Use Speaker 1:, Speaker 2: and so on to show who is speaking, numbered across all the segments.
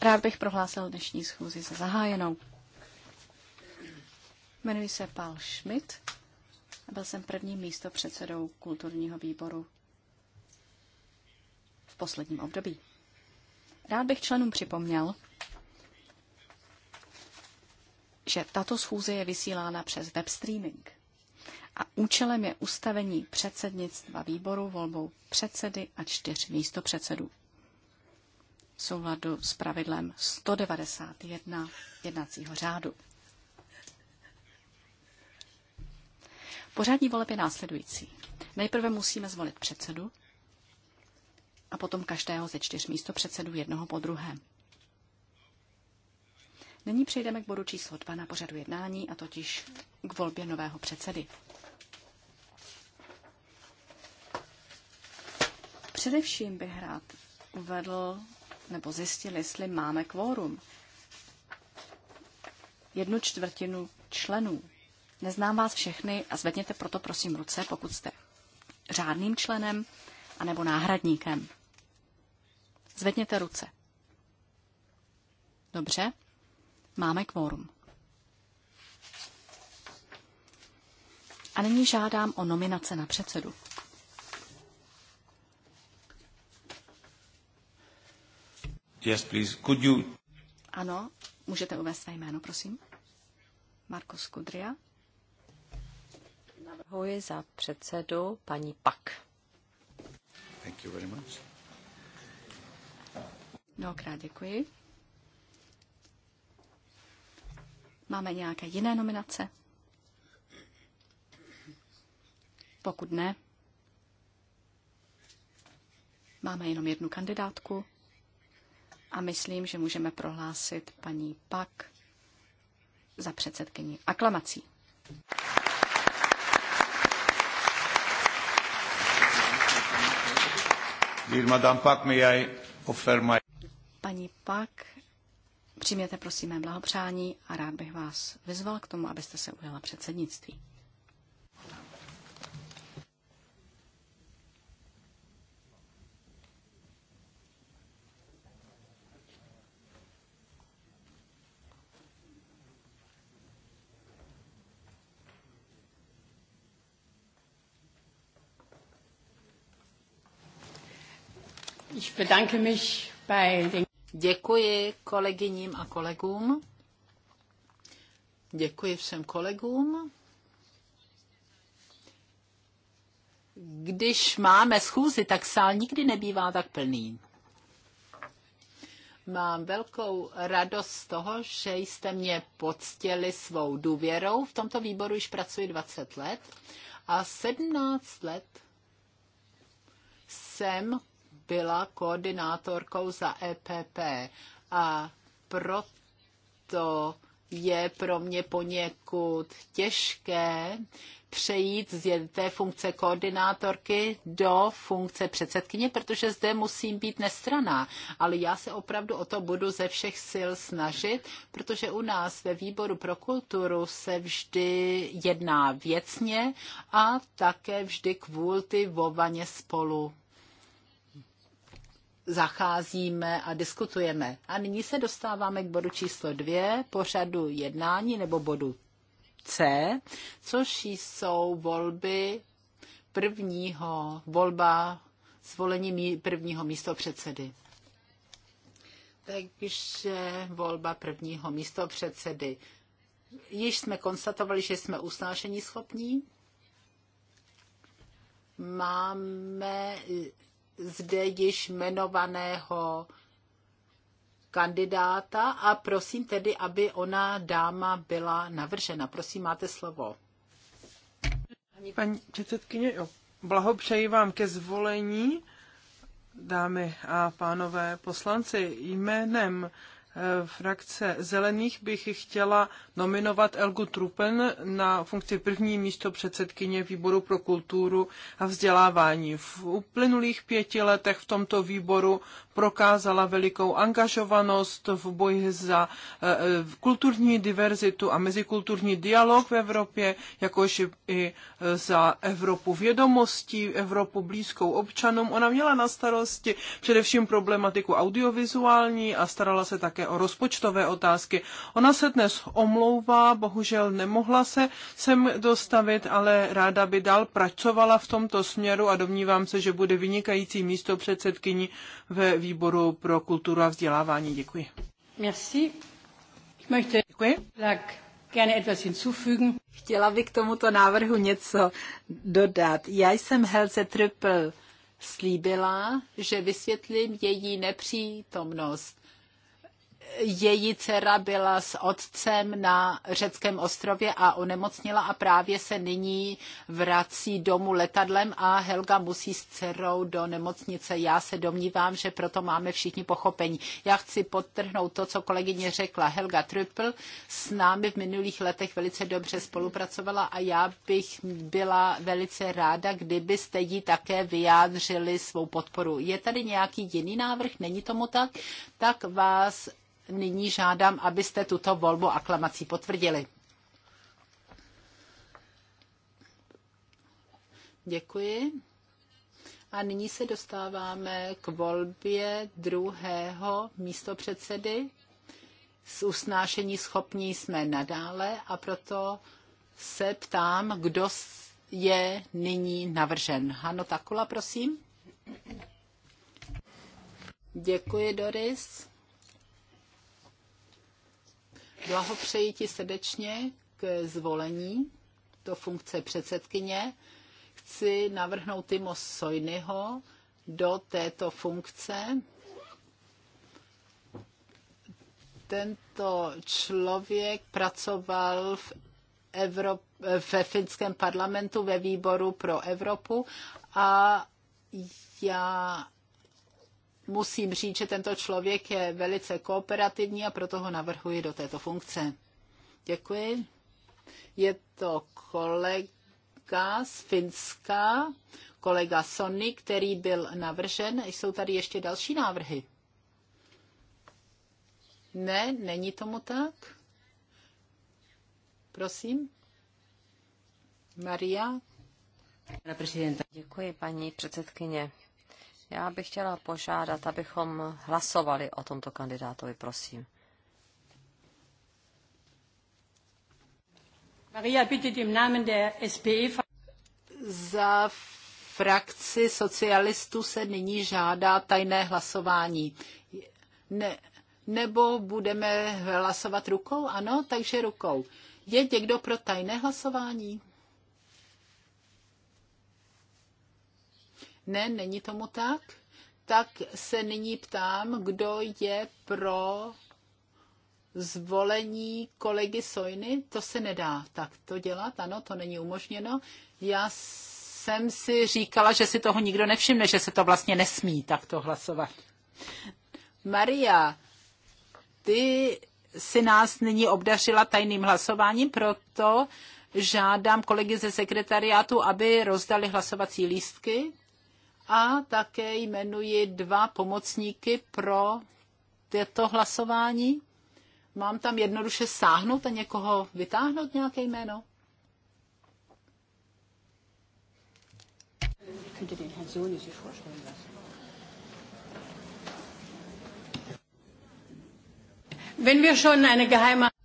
Speaker 1: Rád bych prohlásil dnešní schůzi za zahájenou. Jmenuji se Paul Schmidt a byl jsem prvním místo předsedou kulturního výboru v posledním období. Rád bych členům připomněl, že tato schůze je vysílána přes web streaming a účelem je ustavení předsednictva výboru volbou předsedy a čtyř místopředsedů v souladu s pravidlem 191 jednacího řádu. Pořádní voleb je následující. Nejprve musíme zvolit předsedu a potom každého ze čtyř místo předsedu jednoho po druhém. Nyní přejdeme k bodu číslo 2 na pořadu jednání, a totiž k volbě nového předsedy. Především bych rád uvedl, nebo zjistil, jestli máme kvórum. Jednu čtvrtinu členů. Neznám vás všechny a zvedněte proto prosím ruce, pokud jste řádným členem anebo náhradníkem. Zvedněte ruce. Dobře, máme kvórum. A nyní žádám o nominace na předsedu.
Speaker 2: Yes, please. Could you...
Speaker 1: Ano, můžete uvést své jméno, prosím. Markus Skudria. Navrhuji za předsedu paní Pak. Thank you very much. Mnohokrát děkuji. Máme nějaké jiné nominace? Pokud ne, máme jenom jednu kandidátku a myslím, že můžeme prohlásit paní Pak za předsedkyni aklamací. Paní Pak, přijměte prosím mé blahopřání a rád bych vás vyzval k tomu, abyste se ujala předsednictví.
Speaker 3: bedanke mich bei den... Děkuji kolegyním a kolegům. Děkuji všem kolegům. Když máme schůzi, tak sál nikdy nebývá tak plný. Mám velkou radost z toho, že jste mě poctěli svou důvěrou. V tomto výboru již pracuji 20 let a 17 let jsem byla koordinátorkou za EPP a proto je pro mě poněkud těžké přejít z té funkce koordinátorky do funkce předsedkyně, protože zde musím být nestraná. Ale já se opravdu o to budu ze všech sil snažit, protože u nás ve výboru pro kulturu se vždy jedná věcně a také vždy kvůli vovaně spolu zacházíme a diskutujeme. A nyní se dostáváme k bodu číslo dvě, pořadu jednání nebo bodu C, což jsou volby prvního, volba zvolení prvního místo předsedy. Takže volba prvního místo předsedy. Již jsme konstatovali, že jsme usnášení schopní. Máme zde již jmenovaného kandidáta a prosím tedy, aby ona dáma byla navržena. Prosím, máte slovo.
Speaker 4: Paní předsedkyně, jo. blahopřeji vám ke zvolení, dámy a pánové poslanci, jménem Eh, frakce zelených bych chtěla nominovat Elgu Trupen na funkci první místo předsedkyně výboru pro kulturu a vzdělávání. V uplynulých pěti letech v tomto výboru prokázala velikou angažovanost v boji za eh, kulturní diverzitu a mezikulturní dialog v Evropě, jakož i eh, za Evropu vědomostí, Evropu blízkou občanům. Ona měla na starosti především problematiku audiovizuální a starala se také o rozpočtové otázky. Ona se dnes omlouvá, bohužel nemohla se sem dostavit, ale ráda by dál pracovala v tomto směru a domnívám se, že bude vynikající místo předsedkyní ve výboru pro kulturu a vzdělávání. Děkuji.
Speaker 3: Merci. Ich möchte... Děkuji. Tak. Chtěla bych k tomuto návrhu něco dodat. Já jsem Helce Triple slíbila, že vysvětlím její nepřítomnost její dcera byla s otcem na řeckém ostrově a onemocnila a právě se nyní vrací domů letadlem a Helga musí s dcerou do nemocnice. Já se domnívám, že proto máme všichni pochopení. Já chci podtrhnout to, co kolegyně řekla. Helga Trüppel s námi v minulých letech velice dobře spolupracovala a já bych byla velice ráda, kdybyste jí také vyjádřili svou podporu. Je tady nějaký jiný návrh? Není tomu tak? Tak vás nyní žádám, abyste tuto volbu aklamací potvrdili. Děkuji. A nyní se dostáváme k volbě druhého místopředsedy. S usnášení schopní jsme nadále a proto se ptám, kdo je nyní navržen. Hano Takula, prosím. Děkuji, Doris. Blahopřeji ti srdečně k zvolení do funkce předsedkyně. Chci navrhnout Timo Sojnyho do této funkce. Tento člověk pracoval v Evrop, ve finském parlamentu ve výboru pro Evropu a já musím říct, že tento člověk je velice kooperativní a proto ho navrhuji do této funkce. Děkuji. Je to kolega z Finska, kolega Sony, který byl navržen. Jsou tady ještě další návrhy? Ne, není tomu tak. Prosím.
Speaker 5: Maria. Pane prezidenta. Děkuji, paní předsedkyně. Já bych chtěla požádat, abychom hlasovali o tomto kandidátovi, prosím.
Speaker 2: Maria, bitte dem Namen der SPE.
Speaker 3: Za frakci socialistů se nyní žádá tajné hlasování. Ne, nebo budeme hlasovat rukou? Ano, takže rukou. Je někdo pro tajné hlasování? Ne, není tomu tak. Tak se nyní ptám, kdo je pro zvolení kolegy Sojny. To se nedá tak to dělat, ano, to není umožněno. Já jsem si říkala, že si toho nikdo nevšimne, že se to vlastně nesmí takto hlasovat. Maria, ty si nás nyní obdařila tajným hlasováním, proto žádám kolegy ze sekretariátu, aby rozdali hlasovací lístky a také jmenuji dva pomocníky pro tyto hlasování. Mám tam jednoduše sáhnout a někoho vytáhnout nějaké jméno?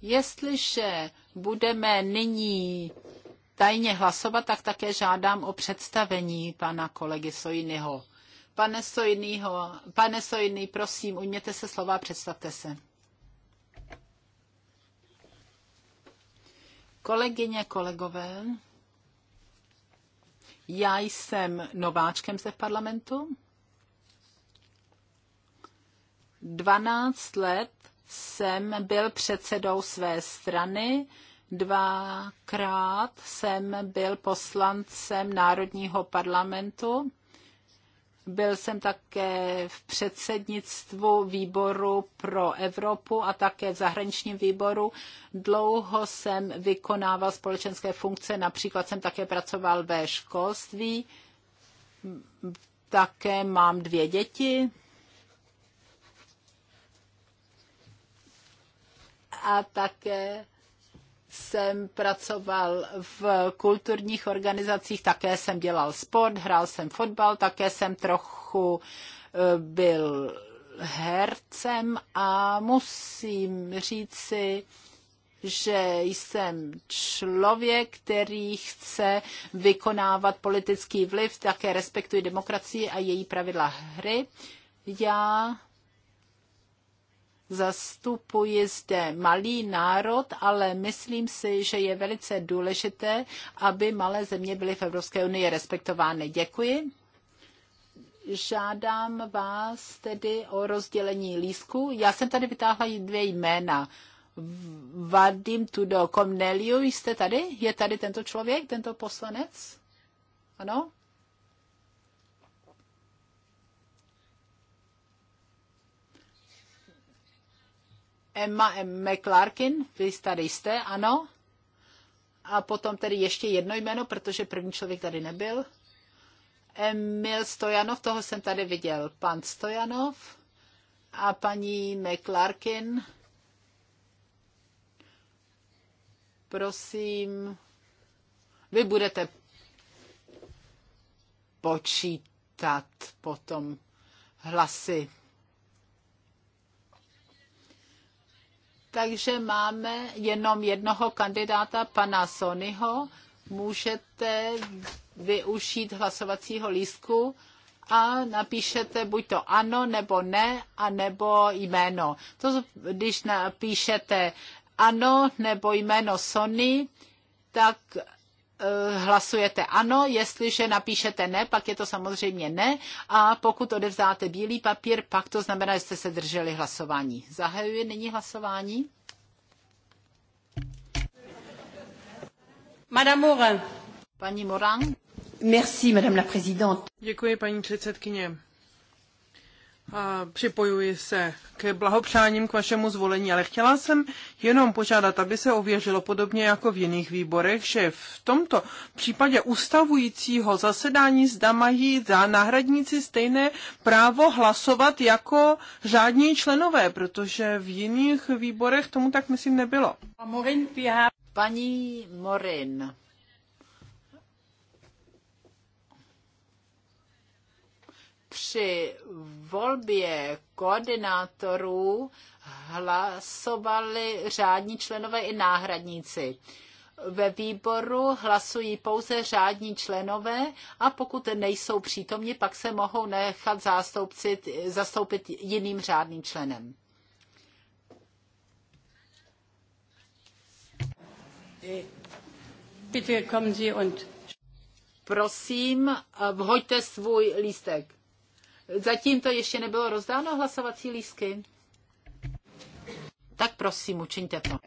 Speaker 3: Jestliže budeme nyní tajně hlasovat, tak také žádám o představení pana kolegy Sojnyho. Pane Sojnýho, pane Sojný, prosím, ujměte se slova, představte se. Kolegyně, kolegové, já jsem nováčkem zde v parlamentu. 12 let jsem byl předsedou své strany, Dvakrát jsem byl poslancem Národního parlamentu. Byl jsem také v předsednictvu výboru pro Evropu a také v zahraničním výboru. Dlouho jsem vykonával společenské funkce, například jsem také pracoval ve školství. Také mám dvě děti. A také jsem pracoval v kulturních organizacích, také jsem dělal sport, hrál jsem fotbal, také jsem trochu eh, byl hercem a musím říci, že jsem člověk, který chce vykonávat politický vliv, také respektuji demokracii a její pravidla hry. Já Zastupuji zde malý národ, ale myslím si, že je velice důležité, aby malé země byly v Evropské unii respektovány. Děkuji. Žádám vás tedy o rozdělení lísku. Já jsem tady vytáhla dvě jména. Vadim Tudo Komneliu, jste tady? Je tady tento člověk, tento poslanec? Ano? Emma M. McClarkin, vy tady jste, ano. A potom tedy ještě jedno jméno, protože první člověk tady nebyl. Emil Stojanov, toho jsem tady viděl. Pan Stojanov a paní McClarkin. Prosím, vy budete počítat potom hlasy. takže máme jenom jednoho kandidáta, pana Sonyho. Můžete využít hlasovacího lístku a napíšete buď to ano nebo ne, a nebo jméno. To, když napíšete ano nebo jméno Sony, tak Eh, hlasujete ano, jestliže napíšete ne, pak je to samozřejmě ne a pokud odevzdáte bílý papír, pak to znamená, že jste se drželi hlasování. Zahajuji nyní hlasování.
Speaker 2: Madame Morin.
Speaker 3: Paní Morin.
Speaker 2: Merci, madame la présidente.
Speaker 3: Děkuji, paní
Speaker 4: předsedkyně připojuji se k blahopřáním k vašemu zvolení, ale chtěla jsem jenom požádat, aby se ověřilo podobně jako v jiných výborech, že v tomto případě ustavujícího zasedání zda mají za náhradníci stejné právo hlasovat jako řádní členové, protože v jiných výborech tomu tak myslím nebylo.
Speaker 3: Paní Morin. při volbě koordinátorů hlasovali řádní členové i náhradníci. Ve výboru hlasují pouze řádní členové a pokud nejsou přítomni, pak se mohou nechat zástupci, zastoupit jiným řádným členem. Bitte kommen Sie und Prosím, eh, vhoďte svůj lístek. Zatím to ještě nebylo rozdáno hlasovací lístky. Tak prosím, učiňte to.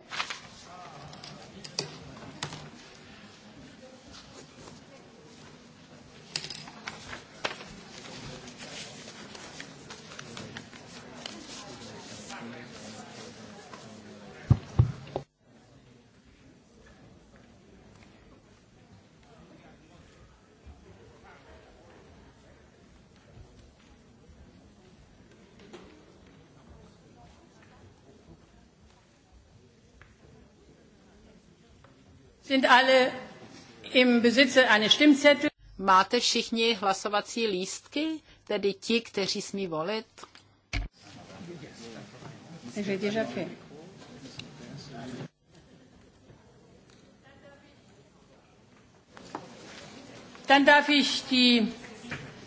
Speaker 3: Máte všichni hlasovací lístky, tedy ti, kteří smí volit? Dann darf ich die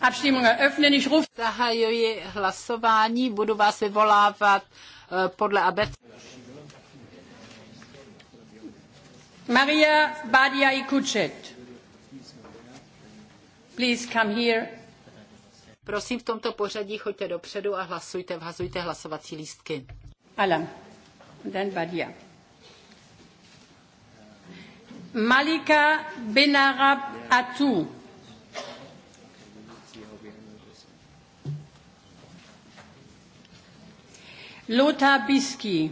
Speaker 3: Abstimmung eröffnen. Ich rufe. Zahajuji hlasování, budu vás vyvolávat eh, podle abecedy. Maria
Speaker 2: Badia Ikucet.
Speaker 3: Please come here. Prosím v tomto pořadí choďte dopředu a hlasujte, vhazujte hlasovací lístky. Alam. Dan Badia.
Speaker 2: Malika Benarab Atu. Lothar Biski.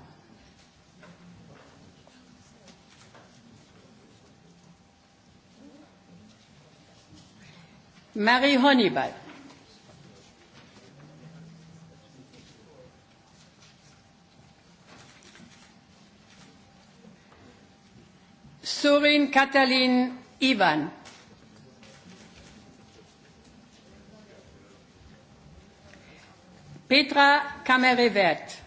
Speaker 2: Marie Honeyball. Surin Katalin Ivan. Petra Kamerevert.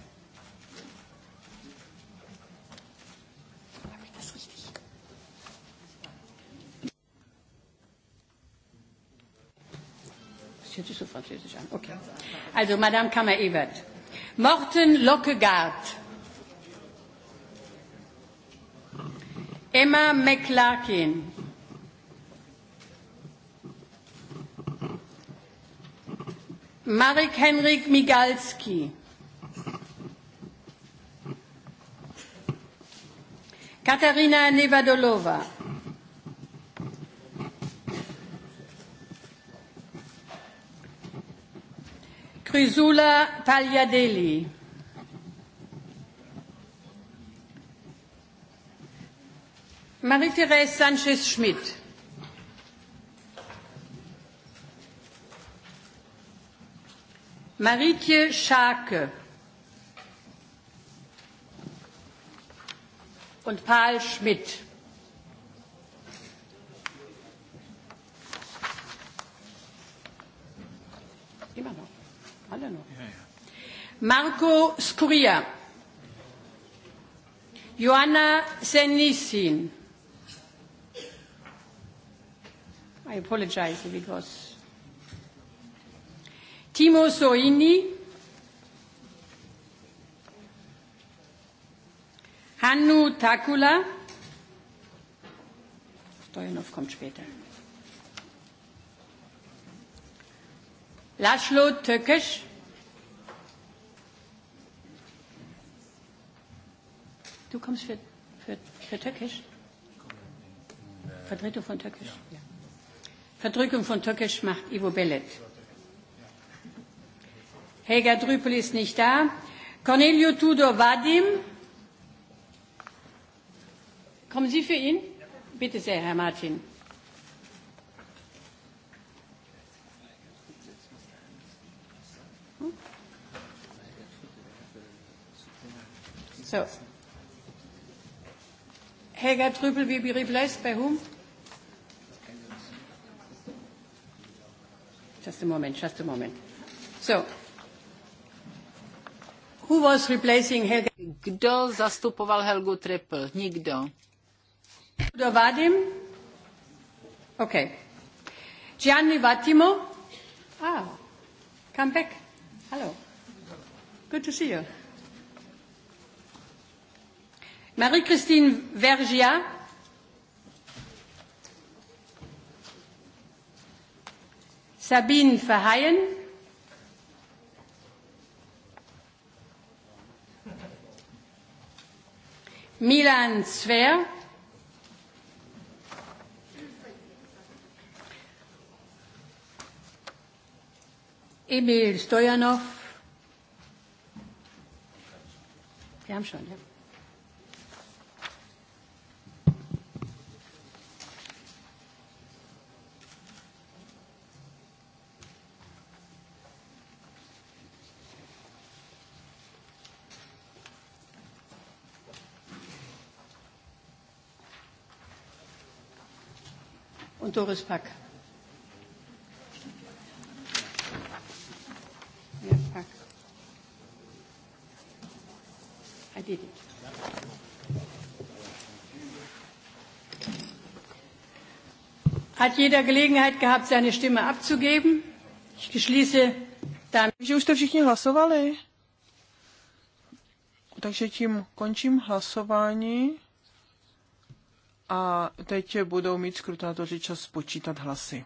Speaker 2: Französisch an. Okay. Also, Madame Kammer-Ebert. Morten Lockegaard. Emma McLarkin. Marek Henrik Migalski. Katarina Nevadolova. Crisula Tagliadelli. Marie-Thérèse Sanchez-Schmidt. Marieke Schake. Und Paul Schmidt. Alle noch. Marco Scuria. Joanna Senissin. I apologize because Timo Soini. Hannu Takula. Stojanov kommt später. Laszlo Tökes. Du kommst für, für, für Türkisch? Vertretung von Türkisch? Ja. Verdrückung von Türkisch macht Ivo Bellet. Helga Drüpel ist nicht da. Cornelio Tudor Vadim. Kommen Sie für ihn? Bitte sehr, Herr Martin. So. Helga Trübel, wie be replaced by whom? Just a moment, just a moment.
Speaker 3: So, who was replacing Helga? Kdo zastupoval Helgu Trippel? Nikdo. Kdo Vadim? Ok. Gianni Vattimo? Ah,
Speaker 2: come back. Hello. Good to see you. Marie-Christine Vergia. Sabine Verheyen. Milan Zver. Emil Stojanov. Wir haben schon, ja. Doris Pack. Yeah, Pack. I did it. Hat jeder Gelegenheit gehabt, seine Stimme abzugeben? Ich schließe dann. Takže už jste všichni hlasovali? Takže tím
Speaker 4: končím hlasování a teď budou mít skrutátoři čas spočítat hlasy.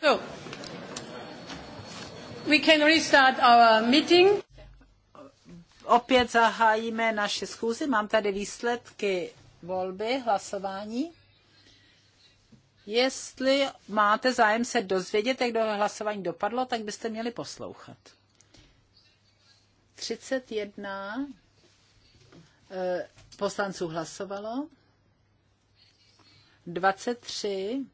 Speaker 3: So, we can restart our meeting. Opět zahájíme naše schůzi. Mám tady výsledky volby, hlasování. Jestli máte zájem se dozvědět, jak do hlasování dopadlo, tak byste měli poslouchat. 31 eh, poslanců hlasovalo, 23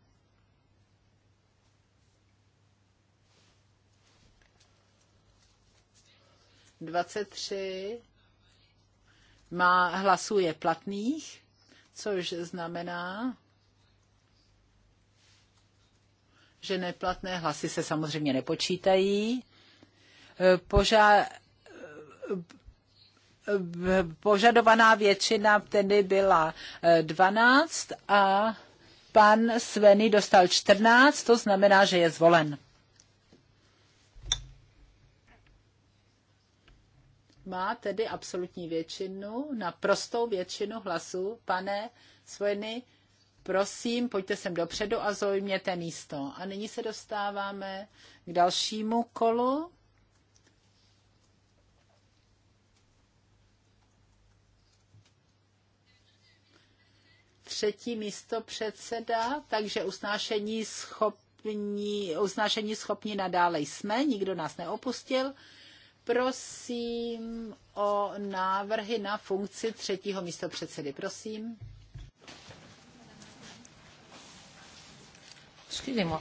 Speaker 3: 23 má, hlasů je platných, což znamená, že neplatné hlasy se samozřejmě nepočítají. Poža... Požadovaná většina tedy byla 12 e, a pan Sveny dostal 14, to znamená, že je zvolen. má tedy absolutní většinu, naprostou většinu hlasů. Pane Svojny, prosím, pojďte sem dopředu a zaujměte místo. A nyní se dostáváme k dalšímu kolu. Třetí místo předseda, takže usnášení schopní, usnášení schopní nadále jsme, nikdo nás neopustil. Prosím o návrhy na funkci třetího místopředsedy. Prosím. Excusez-moi.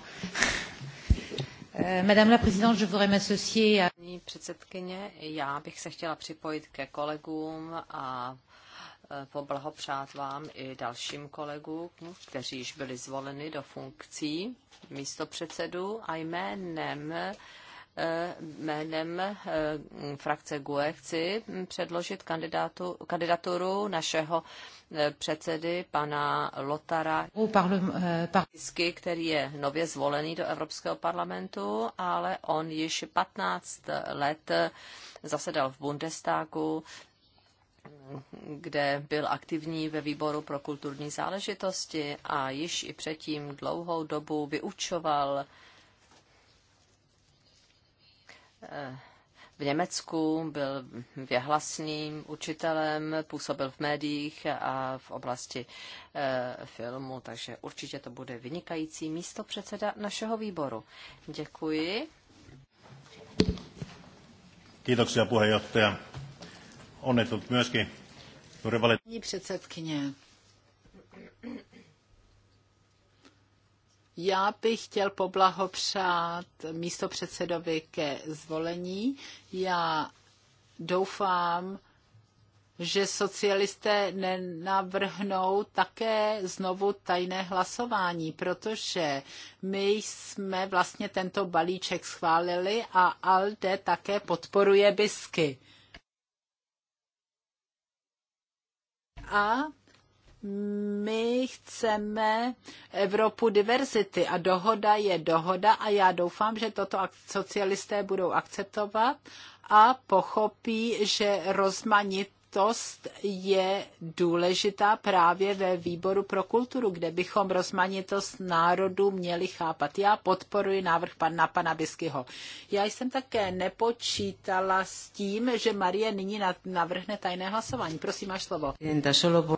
Speaker 3: Euh, Madame la présidente, je voudrais m'associer à...
Speaker 5: Paní předsedkyně, já bych se chtěla připojit ke kolegům a e, poblahopřát vám i dalším kolegům, kteří již byli zvoleni do funkcí místopředsedů a jménem jménem eh, frakce GUE chci předložit kandidátu, kandidaturu našeho eh, předsedy pana Lotara oh, eh, který je nově zvolený do Evropského parlamentu, ale on již 15 let zasedal v Bundestagu, kde byl aktivní ve výboru pro kulturní záležitosti a již i předtím dlouhou dobu vyučoval Eh, v Německu, byl věhlasným učitelem, působil v médiích a v oblasti eh, filmu, takže určitě to bude vynikající místo předseda našeho výboru. Děkuji.
Speaker 1: Kiitoksia puheenjohtaja. onnetut myöskin
Speaker 3: Předsedkyně, Já bych chtěl poblahopřát místo předsedovi ke zvolení. Já doufám, že socialisté nenavrhnou také znovu tajné hlasování, protože my jsme vlastně tento balíček schválili a ALDE také podporuje bisky. A my chceme Evropu diverzity a dohoda je dohoda a já doufám, že toto socialisté budou akceptovat a pochopí, že rozmanit rozmanitost je důležitá právě ve výboru pro kulturu, kde bychom rozmanitost národů měli chápat. Já podporuji návrh pana, pana Biskyho. Já jsem také nepočítala s tím, že
Speaker 5: Marie nyní navrhne tajné hlasování. Prosím, máš slovo.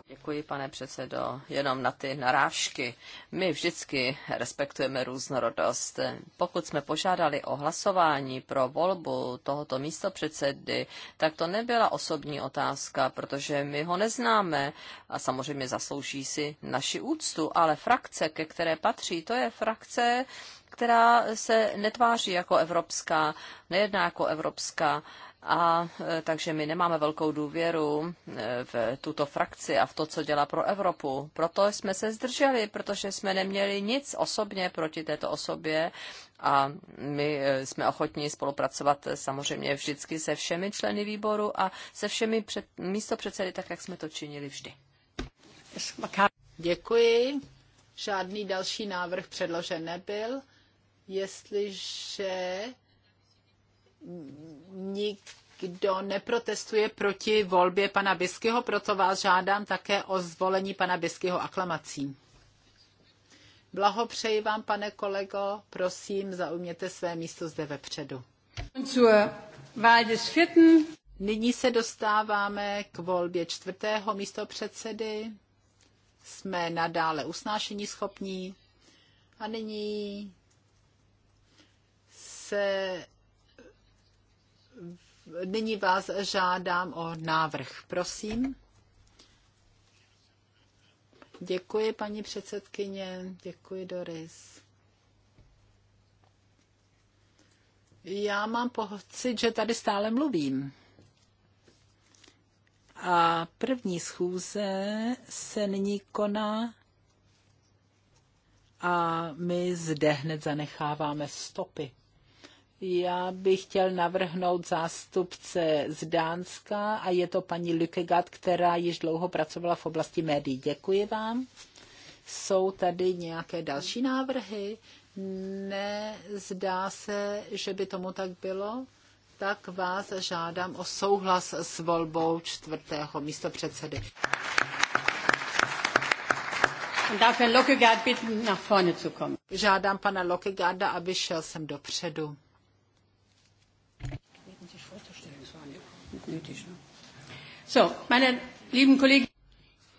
Speaker 5: Děkuji, pane předsedo. Jenom na ty narážky. My vždycky respektujeme různorodost. Pokud jsme požádali o hlasování pro volbu tohoto předsedy, tak to nebyla osobní otázka otázka, protože my ho neznáme a samozřejmě zaslouží si naši úctu, ale frakce, ke které patří, to je frakce, která se netváří jako evropská, nejedná jako evropská a e, takže my nemáme velkou důvěru e, v tuto frakci a v to, co dělá pro Evropu. Proto jsme se zdrželi, protože jsme neměli nic osobně proti této osobě a my e, jsme ochotní spolupracovat samozřejmě vždycky se všemi členy výboru a se všemi před, místopředsedy, tak jak jsme to činili vždy.
Speaker 3: Děkuji. Žádný další návrh předložen nebyl. Jestliže nikdo neprotestuje proti volbě pana Biskyho, proto vás žádám také o zvolení pana Biskyho aklamací. Blahopřeji vám, pane kolego, prosím, zaujměte své místo zde vepředu. Nyní se dostáváme k volbě čtvrtého místo předsedy. Jsme nadále usnášení schopní. A nyní se nyní vás žádám o návrh. Prosím. Děkuji, paní předsedkyně. Děkuji, Doris. Já mám pocit, že tady stále mluvím. A první schůze se nyní koná a my zde hned zanecháváme stopy. Já bych chtěl navrhnout zástupce z Dánska a je to paní Lykegat, která již dlouho pracovala v oblasti médií. Děkuji vám. Jsou tady nějaké další návrhy? Nezdá se, že by tomu tak bylo? Tak vás žádám o souhlas s volbou čtvrtého místo předsedy. Žádám pana Lokegarda, aby šel sem dopředu. No. So, meine lieben Kollegen.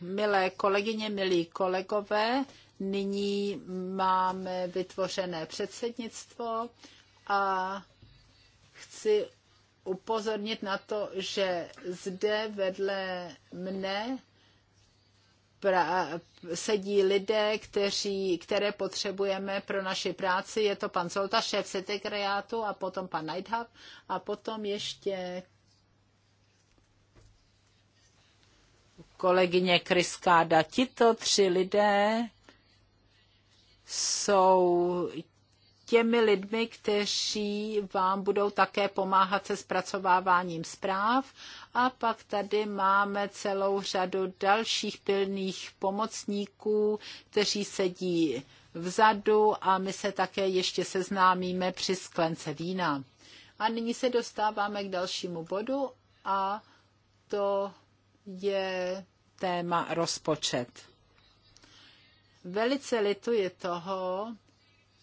Speaker 3: Milé kolegyně, milí kolegové, nyní máme vytvořené předsednictvo a chci upozornit na to, že zde vedle mne pra, sedí lidé, kteří, které potřebujeme pro naši práci. Je to pan Zolta, šéf sekretariátu a potom pan Neidhab a potom ještě kolegyně Kriskáda. Tito tři lidé jsou těmi lidmi, kteří vám budou také pomáhat se zpracováváním zpráv. A pak tady máme celou řadu dalších pilných pomocníků, kteří sedí vzadu a my se také ještě seznámíme při sklence vína. A nyní se dostáváme k dalšímu bodu a to je téma rozpočet. Velice lituji toho,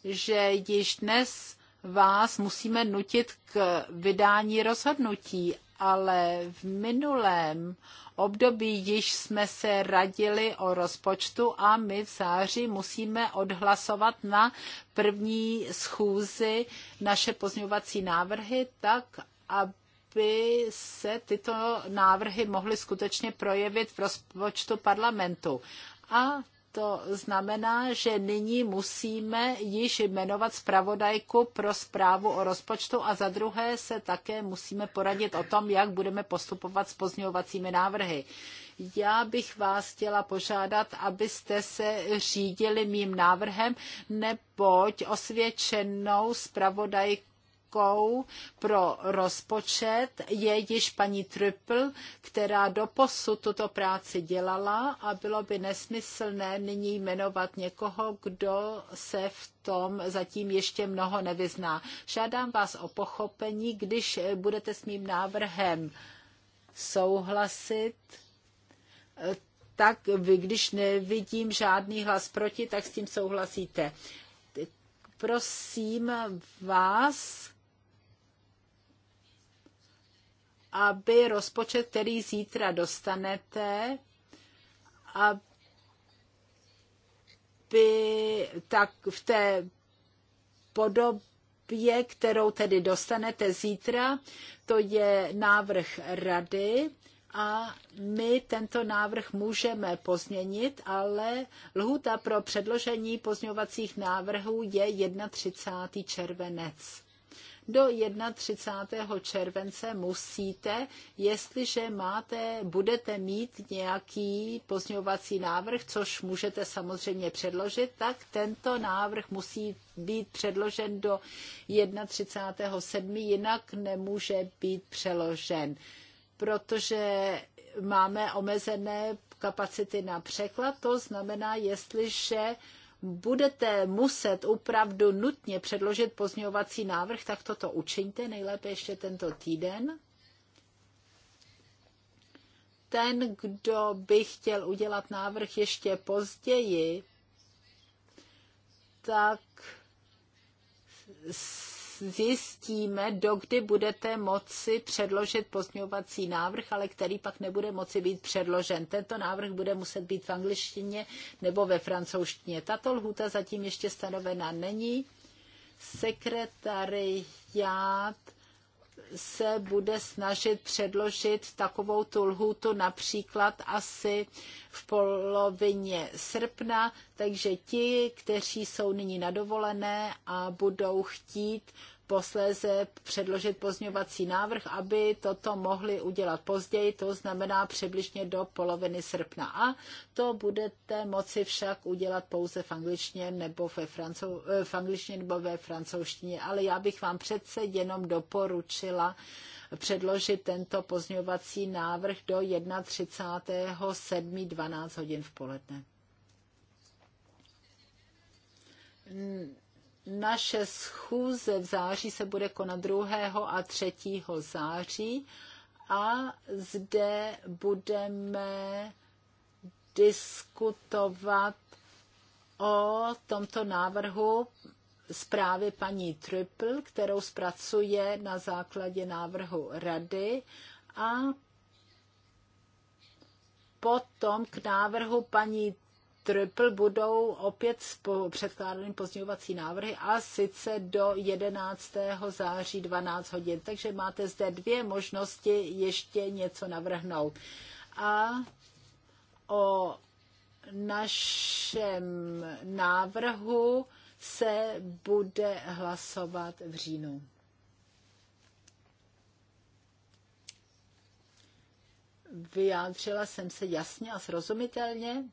Speaker 3: že již dnes vás musíme nutit k vydání rozhodnutí, ale v minulém období již jsme se radili o rozpočtu a my v září musíme odhlasovat na první schůzi naše pozňovací návrhy tak, aby by se tyto návrhy mohly skutečně projevit v rozpočtu parlamentu. A to znamená, že nyní musíme již jmenovat zpravodajku pro zprávu o rozpočtu a za druhé se také musíme poradit o tom, jak budeme postupovat s pozměňovacími návrhy. Já bych vás chtěla požádat, abyste se řídili mým návrhem, neboť osvědčenou zpravodajku zpravodajkou pro rozpočet je již paní Trippel, která doposud tuto práci dělala a bylo by nesmyslné nyní jmenovat někoho, kdo se v tom zatím ještě mnoho nevyzná. Žádám vás o pochopení, když budete s mým návrhem souhlasit, tak vy, když nevidím žádný hlas proti, tak s tím souhlasíte. Prosím vás, aby rozpočet, který zítra dostanete, aby tak v té podobě, kterou tedy dostanete zítra, to je návrh rady a my tento návrh můžeme pozměnit, ale lhuta pro předložení pozměňovacích návrhů je 31. červenec. Do 31. července musíte, jestliže máte, budete mít nějaký pozňovací návrh, což můžete samozřejmě předložit, tak tento návrh musí být předložen do 31.7., jinak nemůže být přeložen, protože máme omezené kapacity na překlad, to znamená, jestliže budete muset opravdu nutně předložit pozměňovací návrh, tak toto učiňte, nejlépe ještě tento týden. Ten, kdo by chtěl udělat návrh ještě později, tak zjistíme, dokdy budete moci předložit pozměňovací návrh, ale který pak nebude moci být předložen. Tento návrh bude muset být v angličtině nebo ve francouzštině. Tato lhůta zatím ještě stanovena není. Sekretariát se bude snažit předložit takovou tu lhůtu například asi v polovině srpna, takže ti, kteří jsou nyní na dovolené a budou chtít, posléze předložit pozňovací návrh, aby toto mohli udělat později, to znamená přibližně do poloviny srpna. A to budete moci však udělat pouze v angličtině nebo, ve francou, eh, v angličtině nebo ve francouzštině, ale já bych vám přece jenom doporučila předložit tento pozňovací návrh do 31.7.12 hodin v poledne. Naše schůze v září se bude konat 2. a 3. září a zde budeme diskutovat o tomto návrhu zprávy paní Triple, kterou zpracuje na základě návrhu rady a potom k návrhu paní Triple budou opět předkládány pozměňovací návrhy a sice do 11. září 12 hodin. Takže máte zde dvě možnosti ještě něco navrhnout. A o našem návrhu se bude hlasovat v říjnu. Vyjádřila jsem se jasně a srozumitelně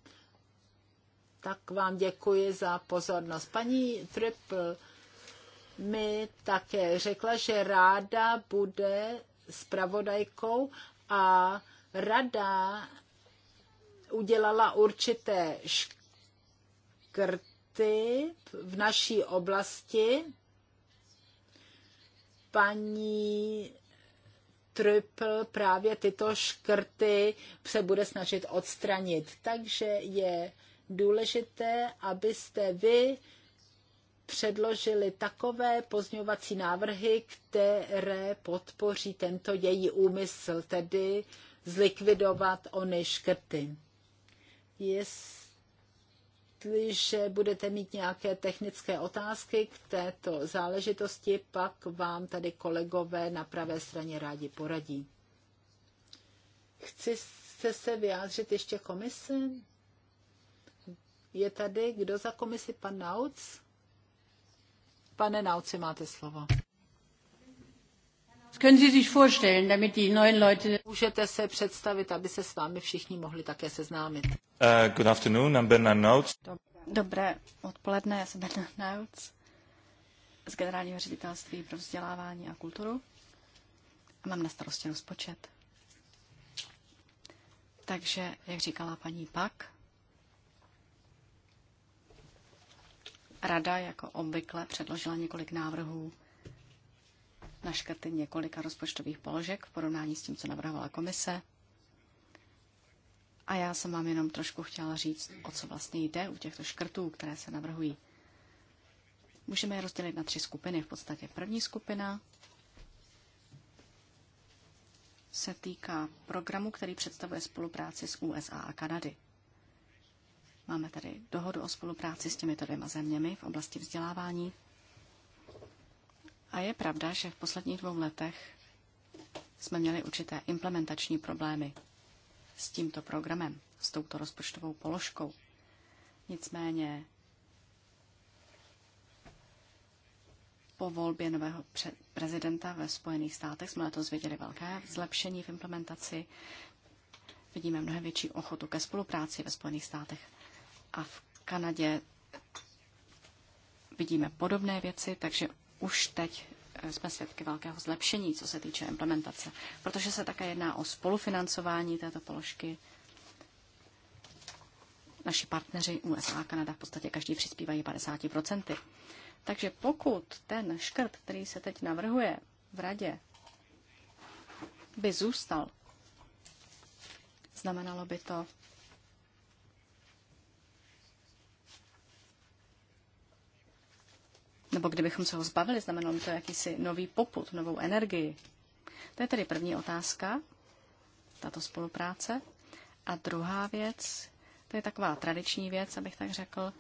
Speaker 3: tak vám děkuji za pozornost. Paní Triple mi také řekla, že ráda bude zpravodajkou a rada udělala určité škrty v naší oblasti. Paní Triple právě tyto škrty se bude snažit odstranit. Takže je důležité, abyste vy předložili takové pozňovací návrhy, které podpoří tento její úmysl, tedy zlikvidovat ony škrty. Jestliže budete mít nějaké technické otázky k této záležitosti, pak vám tady kolegové na pravé straně rádi poradí. Chci se, vyjádřit ještě komise? Je tady kdo za komisi? Pan Nauc? Pane Nauci, máte slovo. Můžete se představit, aby se s vámi všichni mohli také seznámit.
Speaker 5: Uh, good afternoon, I'm Bernard Nautz.
Speaker 1: Dobré odpoledne, já jsem Bernard Nautz z Generálního ředitelství pro vzdělávání a kulturu a mám na starosti rozpočet. Takže, jak říkala paní Pak, Rada jako obvykle předložila několik návrhů na škrty několika rozpočtových položek v porovnání s tím, co navrhovala komise. A já jsem vám jenom trošku chtěla říct, o co vlastně jde u těchto škrtů, které se navrhují. Můžeme je rozdělit na tři skupiny. V podstatě první skupina se týká programu, který představuje spolupráci s USA a Kanady. Máme tady dohodu o spolupráci s těmito dvěma zeměmi v oblasti vzdělávání. A je pravda, že v posledních dvou letech jsme měli určité implementační problémy s tímto programem, s touto rozpočtovou položkou. Nicméně po volbě nového prezidenta ve Spojených státech jsme letos viděli velké zlepšení v implementaci. Vidíme mnohem větší ochotu ke spolupráci ve Spojených státech a v Kanadě vidíme podobné věci, takže už teď eh, jsme svědky velkého zlepšení, co se týče implementace, protože se také jedná o spolufinancování této položky. Naši partneři USA a Kanada v podstatě každý přispívají 50%. Takže pokud ten škrt, který se teď navrhuje v radě, by zůstal, znamenalo by to nebo kdybychom se ho zbavili, znamenalo by to jakýsi nový poput, novou energii. To je tedy první otázka, tato spolupráce. A druhá věc, to je taková tradiční věc, abych tak řekl,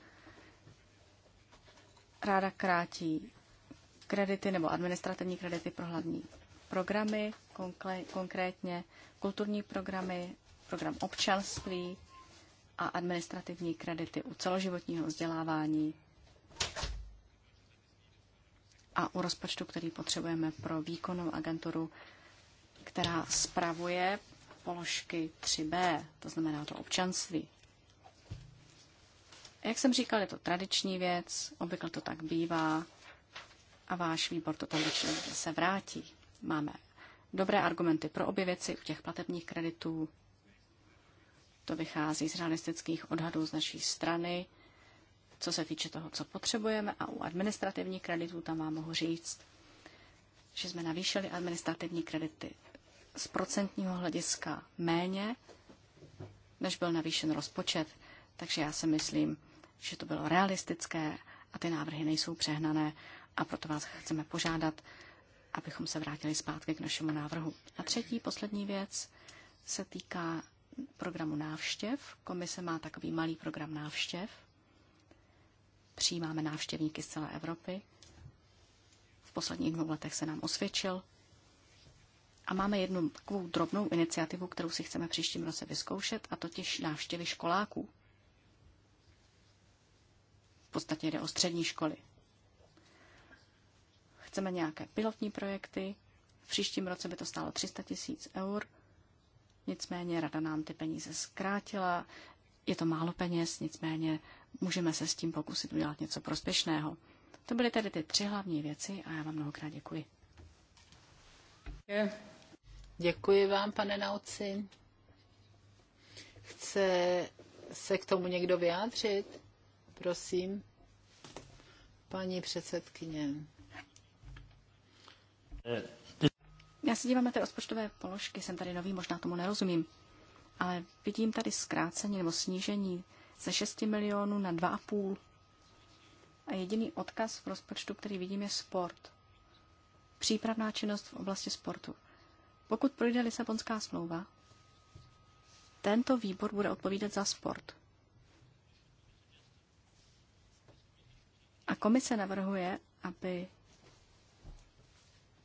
Speaker 1: ráda krátí kredity nebo administrativní kredity pro hlavní programy, konkrétně kulturní programy, program občanství a administrativní kredity u celoživotního vzdělávání a u rozpočtu, který potřebujeme pro výkonnou agenturu, která spravuje položky 3B, to znamená to občanství. Jak jsem říkal, je to tradiční věc, obvykle to tak bývá a váš výbor to tam většinou se vrátí. Máme dobré argumenty pro obě věci u těch platebních kreditů. To vychází z realistických odhadů z naší strany co se týče toho, co potřebujeme a u administrativních kreditů tam vám mohu říct, že jsme navýšili administrativní kredity z procentního hlediska méně, než byl navýšen rozpočet. Takže já si myslím, že to bylo realistické a ty návrhy nejsou přehnané a proto vás chceme požádat, abychom se vrátili zpátky k našemu návrhu. A třetí, poslední věc se týká programu návštěv. Komise má takový malý program návštěv. Přijímáme návštěvníky z celé Evropy. V posledních dvou letech se nám osvědčil. A máme jednu takovou drobnou iniciativu, kterou si chceme příštím roce vyzkoušet, a totiž návštěvy školáků. V podstatě jde o střední školy. Chceme nějaké pilotní projekty. V příštím roce by to stálo 300 tisíc eur. Nicméně rada nám ty peníze zkrátila. Je to málo peněz, nicméně můžeme se s tím pokusit udělat něco prospěšného. To byly tedy ty tři hlavní věci a já vám mnohokrát děkuji. Děkuji
Speaker 3: vám, pane Nauci. Chce se k tomu někdo vyjádřit? Prosím. Paní předsedkyně.
Speaker 1: Já se dívám na ty rozpočtové položky, jsem tady nový, možná tomu nerozumím, ale vidím tady zkrácení nebo snížení ze 6 milionů na 2,5. A jediný odkaz v rozpočtu, který vidím, je sport. Přípravná činnost v oblasti sportu. Pokud projde Lisabonská smlouva, tento výbor bude odpovídat za sport. A komise navrhuje, aby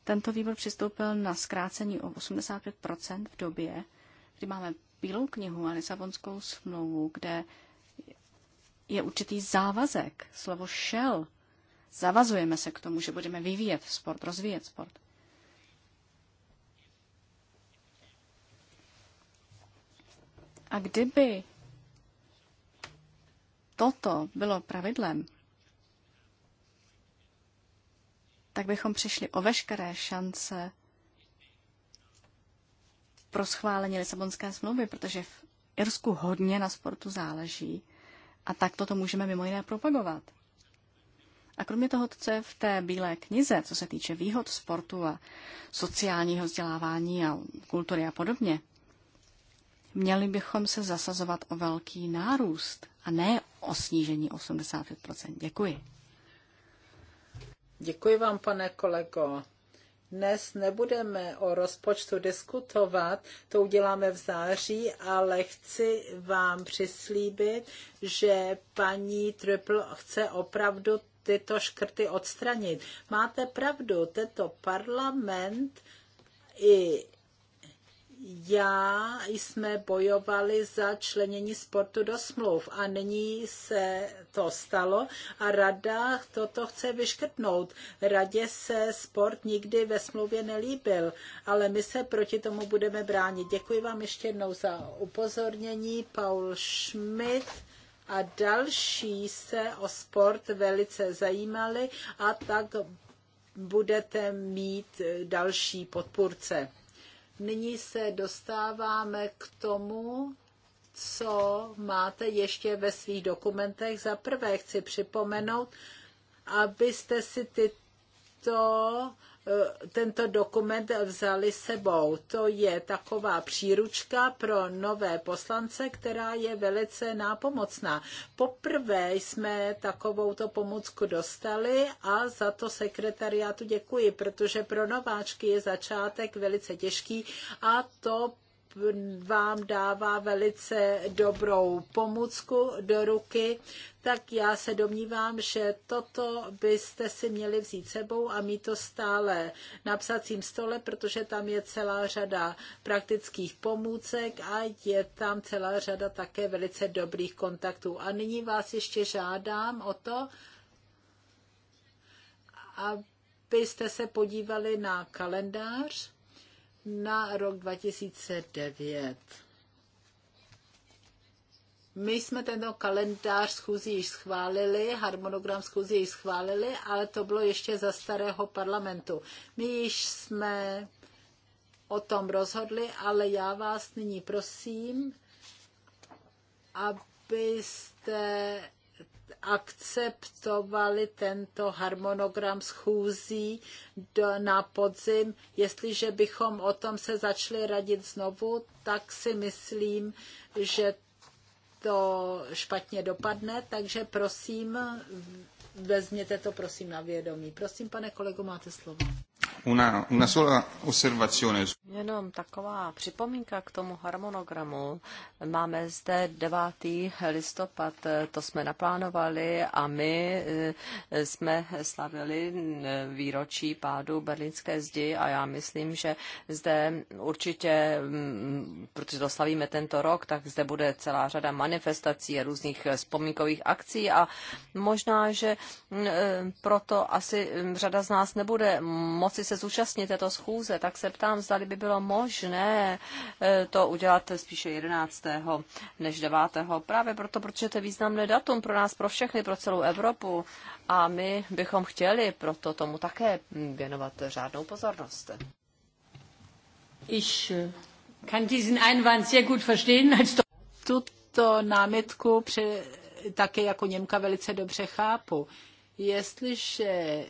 Speaker 1: tento výbor přistoupil na zkrácení o 85 v době, kdy máme Bílou knihu a Lisabonskou smlouvu, kde je určitý závazek, slovo šel. Zavazujeme se k tomu, že budeme vyvíjet sport, rozvíjet sport. A kdyby toto bylo pravidlem, tak bychom přišli o veškeré šance pro schválení Lisabonské smlouvy, protože v Irsku hodně na sportu záleží. A tak to můžeme mimo jiné propagovat. A kromě toho, co je v té bílé knize, co se týče výhod sportu a sociálního vzdělávání a kultury a podobně, měli bychom se zasazovat o velký nárůst a ne o snížení 85 Děkuji. Děkuji
Speaker 3: vám, pane kolego dnes nebudeme o rozpočtu diskutovat, to uděláme v září, ale chci vám přislíbit, že paní Triple chce opravdu tyto škrty odstranit. Máte pravdu, tento parlament i já jsme bojovali za členění sportu do smluv a nyní se to stalo a rada toto chce vyškrtnout. Radě se sport nikdy ve smlouvě nelíbil, ale my se proti tomu budeme bránit. Děkuji vám ještě jednou za upozornění. Paul Schmidt a další se o sport velice zajímali a tak budete mít další podpůrce. Nyní se dostáváme k tomu, co máte ještě ve svých dokumentech. Za prvé chci připomenout, abyste si tyto Eh, tento dokument vzali sebou. To je taková příručka pro nové poslance, která je velice nápomocná. Poprvé jsme takovouto pomůcku dostali a za to sekretariátu děkuji, protože pro nováčky je začátek velice těžký a to vám dává velice dobrou pomůcku do ruky, tak já se domnívám, že toto byste si měli vzít sebou a mít to stále na psacím stole, protože tam je celá řada praktických pomůcek a je tam celá řada také velice dobrých kontaktů. A nyní vás ještě žádám o to, abyste se podívali na kalendář na rok 2009. My jsme tento kalendář schůzí již schválili, harmonogram schůzí již schválili, ale to bylo ještě za starého parlamentu. My již jsme o tom rozhodli, ale já vás nyní prosím, abyste akceptovali tento harmonogram schůzí do, na podzim. Jestliže bychom o tom se začali radit znovu, tak si myslím, že to špatně dopadne, takže prosím, vezměte to prosím na vědomí. Prosím, pane
Speaker 5: kolego, máte slovo. Una, una sola osservazione. Jenom taková připomínka k tomu harmonogramu. Máme zde 9. listopad, to jsme naplánovali a my eh, jsme slavili eh, výročí pádu berlínské zdi a já myslím, že zde určitě, mm, protože to slavíme tento rok, tak zde bude celá řada manifestací a různých eh, vzpomínkových akcí a možná, že mm, proto asi mm, řada z nás nebude moci se zúčastnit této schůze, tak se ptám, zda by bylo možné eh, to udělat spíše 11. než 9. Právě proto, protože to je významné datum pro nás, pro všechny, pro celou Evropu a my bychom chtěli proto tomu také věnovat řádnou pozornost. Ich eh,
Speaker 3: kann diesen Einwand sehr gut verstehen. Als Tuto námitku pře- také jako Němka velice dobře chápu. Jestliže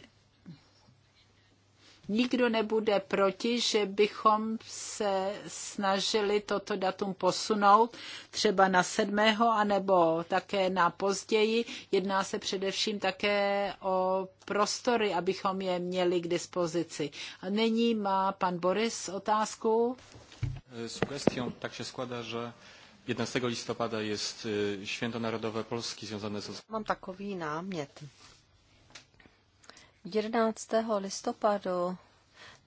Speaker 3: nikdo nebude proti, že bychom se snažili toto datum posunout třeba na 7. anebo také na později. Jedná se především také o prostory, abychom je měli k dispozici. A nyní má pan Boris otázku.
Speaker 5: E, Sugestią tak się składa, że 11 listopada jest e, święto narodowe Polski związane z... Mám takový námět. 11. listopadu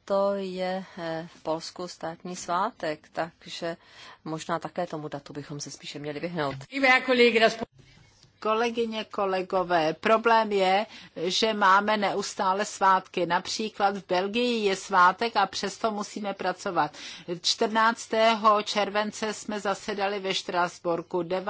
Speaker 5: to je eh, v Polsku státní svátek, takže možná také tomu datu bychom se spíše měli vyhnout.
Speaker 3: Kolegyně, kolegové, problém je, že máme neustále svátky. Například v Belgii je svátek a přesto musíme pracovat. 14. července jsme zasedali ve Štrásborku. 9.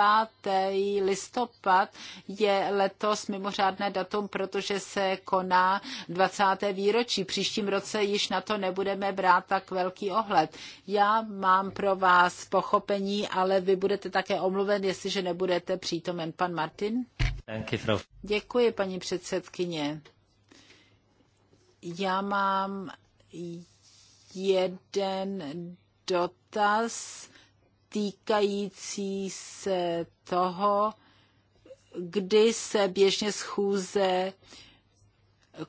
Speaker 3: listopad je letos mimořádné datum, protože se koná 20. výročí. Příštím roce již na to nebudeme brát tak velký ohled. Já mám pro vás pochopení, ale vy budete také omluven, jestliže nebudete přítomen. Pan Martin Martin. Děkuji, paní předsedkyně. Já mám jeden dotaz týkající se toho, kdy se běžně schůze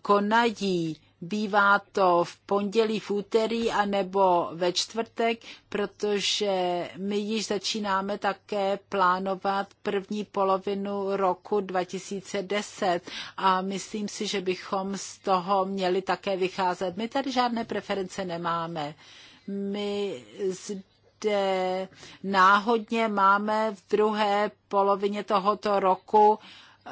Speaker 3: konají Bývá to v pondělí, v úterý a nebo ve čtvrtek, protože my již začínáme také plánovat první polovinu roku 2010 a myslím si, že bychom z toho měli také vycházet. My tady žádné preference nemáme. My zde náhodně máme v druhé polovině tohoto roku eh,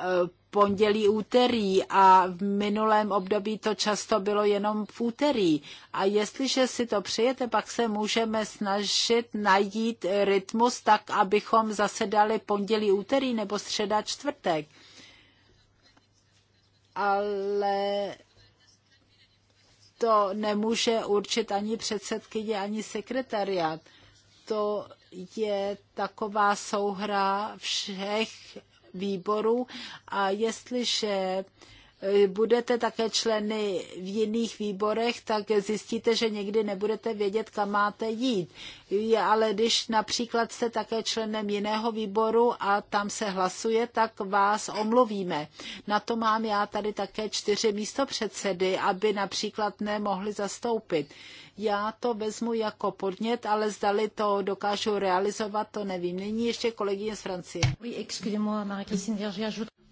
Speaker 3: pondělí, úterý a v minulém období to často bylo jenom v úterý. A jestliže si to přejete, pak se můžeme snažit najít rytmus tak, abychom zasedali pondělí, úterý nebo středa, čtvrtek. Ale to nemůže určit ani předsedkyně, ani sekretariat. To je taková souhra všech výboru a jestliže Eh, budete také členy v jiných výborech, tak zjistíte, že někdy nebudete vědět, kam máte jít. Ale když například jste také členem jiného výboru a tam se hlasuje, tak vás omluvíme. Na to mám já tady také čtyři místopředsedy, aby například nemohli zastoupit. Já to vezmu jako podnět, ale zdali to dokážu realizovat, to nevím. Nyní ještě kolegyně z Francie. Oui,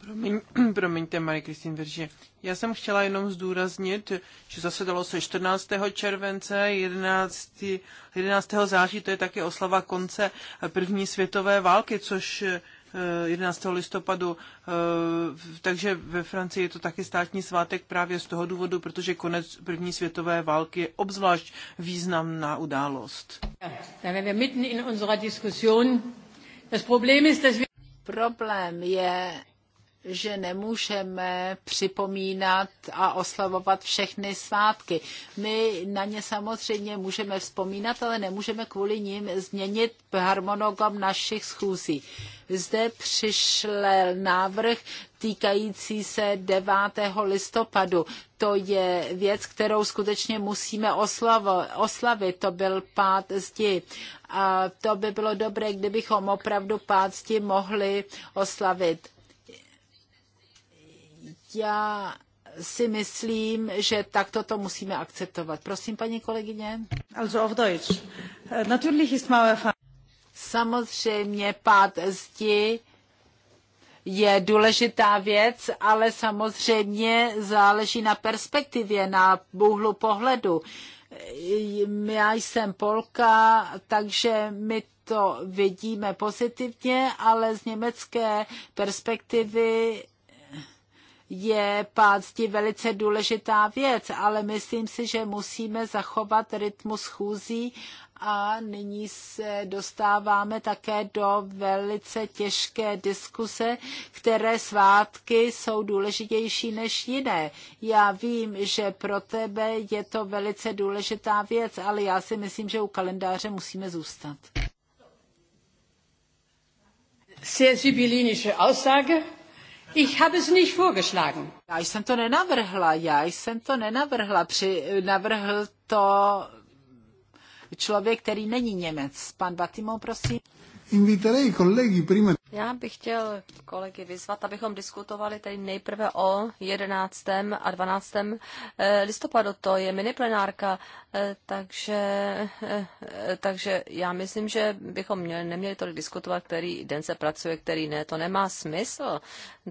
Speaker 3: Promiň,
Speaker 4: promiňte, Marie Kristýn Verže. Já jsem chtěla jenom zdůraznit, že zasedalo se 14. července, 11. 11. září, to je také oslava konce první světové války, což 11. Eh, listopadu, eh, takže ve Francii je to taky státní svátek právě z toho důvodu, protože konec první světové války je obzvlášť významná událost.
Speaker 3: Problém je, že nemůžeme připomínat a oslavovat všechny svátky. My na ně samozřejmě můžeme vzpomínat, ale nemůžeme kvůli ním změnit harmonogram našich schůzí. Zde přišel návrh týkající se 9. listopadu. To je věc, kterou skutečně musíme oslavo, oslavit. To byl pát zdi. A to by bylo dobré, kdybychom opravdu pát zdi mohli oslavit já si myslím, že takto to musíme akceptovat. Prosím, paní kolegyně. Also auf Deutsch. Äh, natürlich ist Mauerfall. Samozřejmě pád zdi je důležitá věc, ale samozřejmě záleží na perspektivě, na úhlu pohledu. Já jsem Polka, takže my to vidíme pozitivně, ale z německé perspektivy je pácti velice důležitá věc, ale myslím si, že musíme zachovat rytmus chůzí a nyní se dostáváme také do velice těžké diskuse, které svátky jsou důležitější než jiné. Já vím, že pro tebe je to velice důležitá věc, ale já si myslím, že u kalendáře musíme zůstat. Sehr sibyllinische Aussage. Ich habe es nicht vorgeschlagen. Já jsem to nenavrhla, já jsem to nenavrhla. Při, navrhl to člověk, který není Němec.
Speaker 5: Pan Batimo, prosím. Inviterei kolegy prima já bych chtěl kolegy vyzvat, abychom diskutovali tady nejprve o 11. a 12. Eh, listopadu. To je miniplenárka, eh, takže, eh, takže já myslím, že bychom měli, neměli tolik diskutovat, který den se pracuje, který ne. To nemá smysl.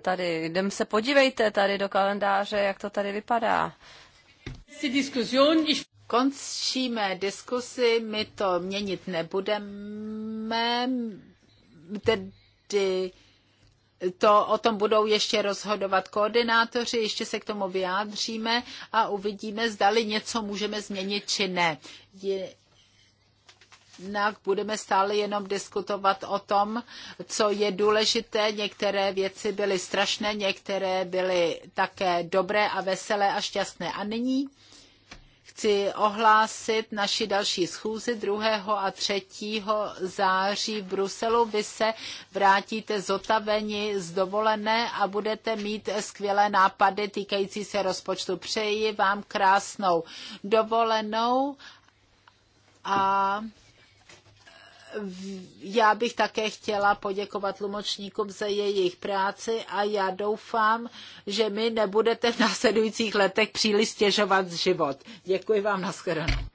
Speaker 5: Tady, jdem se podívejte tady do kalendáře, jak to tady vypadá. Končíme diskusi, my to měnit
Speaker 3: nebudeme. Ten kdy to o tom budou ještě rozhodovat koordinátoři, ještě se k tomu vyjádříme a uvidíme, zdali něco můžeme změnit či ne. Jinak budeme stále jenom diskutovat o tom, co je důležité. Některé věci byly strašné, některé byly také dobré a veselé a šťastné. A nyní chci ohlásit naši další schůzi 2. a 3. září v Bruselu. Vy se vrátíte zotaveni z dovolené a budete mít skvělé nápady týkající se rozpočtu. Přeji vám krásnou dovolenou a já bych také chtěla poděkovat tlumočníkům za jejich práci a já doufám, že mi nebudete v následujících letech příliš stěžovat život. Děkuji vám, nashledanou.